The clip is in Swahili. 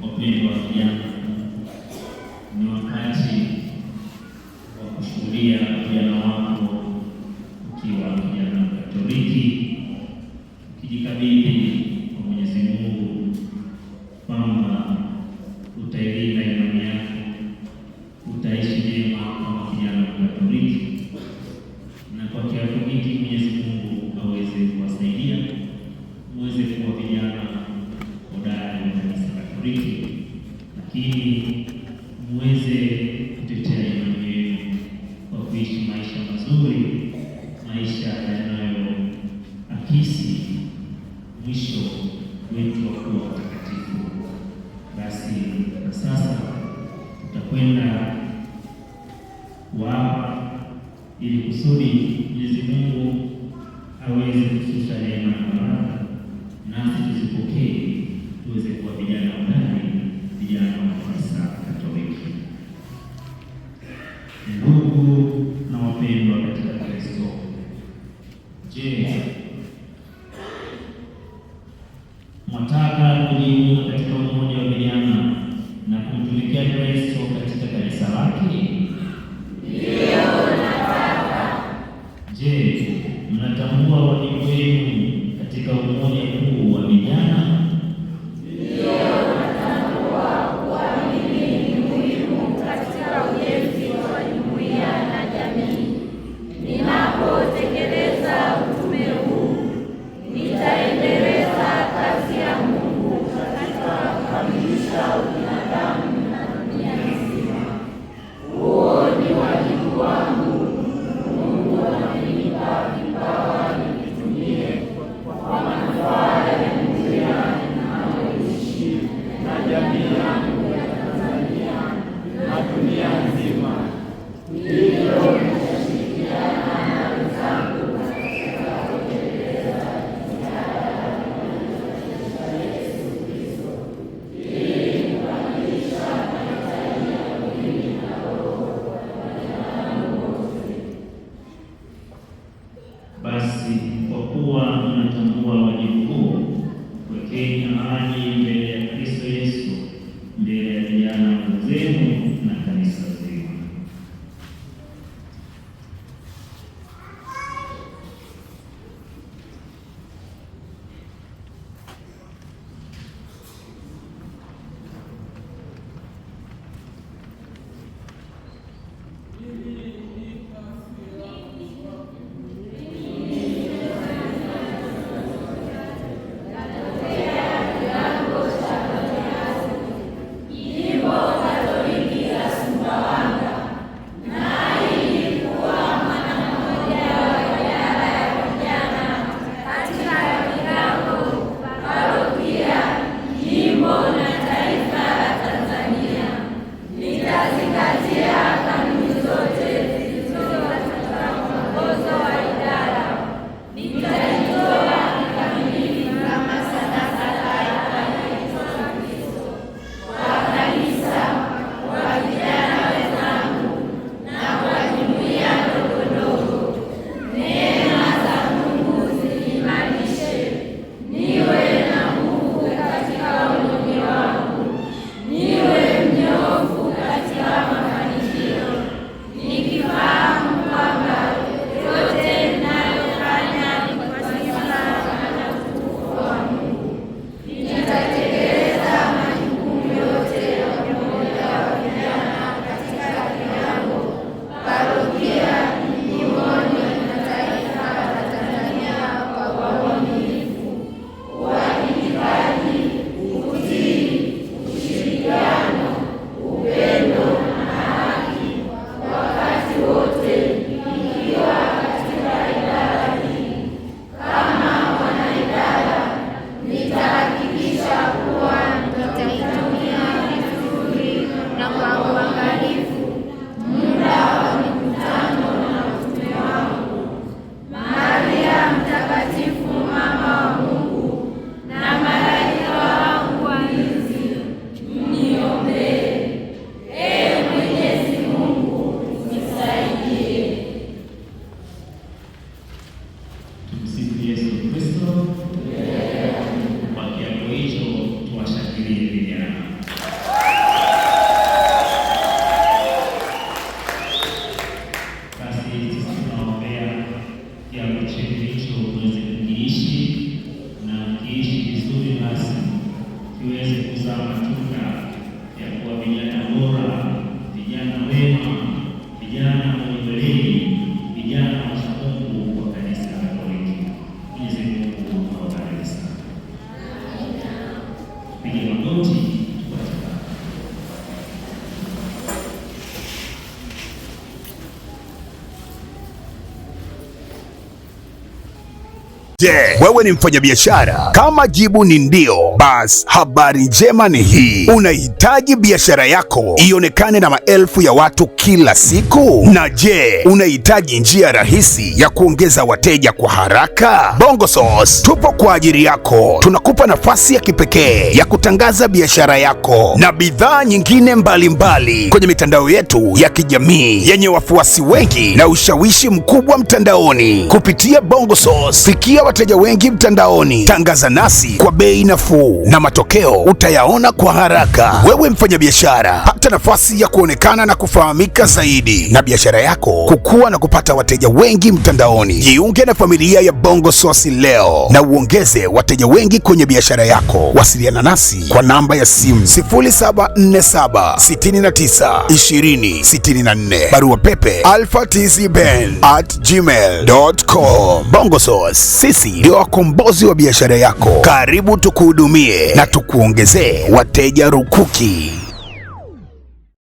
wapendwa vijana, ni wakati wa kushuhudia vijana wako ukiwa kijana Katoliki, ukijikabidhi kwa Mwenyezi Mungu kwamba mazuri, maisha akisi mwisho wetu wa kuwa watakatifu. Basi na sasa tutakwenda kuomba ili kusudi Mwenyezi Mungu aweze kushusha neema na baraka, nasi tuzipokee tuweze kuwa vijana hodari, vijana wanaofaa Amen. Si sin riesgo nuestro. Je, wewe ni mfanyabiashara? Kama jibu ni ndio, basi habari njema ni hii: unahitaji biashara yako ionekane na maelfu ya watu kila siku? Na je, unahitaji njia rahisi ya kuongeza wateja kwa haraka? Bongo Sauce tupo kwa ajili yako. Tunakupa nafasi ya kipekee ya kutangaza biashara yako na bidhaa nyingine mbalimbali mbali kwenye mitandao yetu ya kijamii yenye wafuasi wengi na ushawishi mkubwa mtandaoni. Kupitia Bongo Sauce fikia wateja wengi mtandaoni. Tangaza nasi kwa bei nafuu na matokeo utayaona kwa haraka. Wewe mfanyabiashara, hata nafasi ya kuonekana na kufahamika zaidi na biashara yako kukua na kupata wateja wengi mtandaoni. Jiunge na familia ya Bongo sosi leo na uongeze wateja wengi kwenye biashara yako. Wasiliana nasi kwa namba ya simu 0747 69 20 64, barua pepe alpha at gmail.com. Bongo Source sisi sisi ndio wakombozi wa biashara yako. Karibu tukuhudumie na tukuongezee wateja rukuki.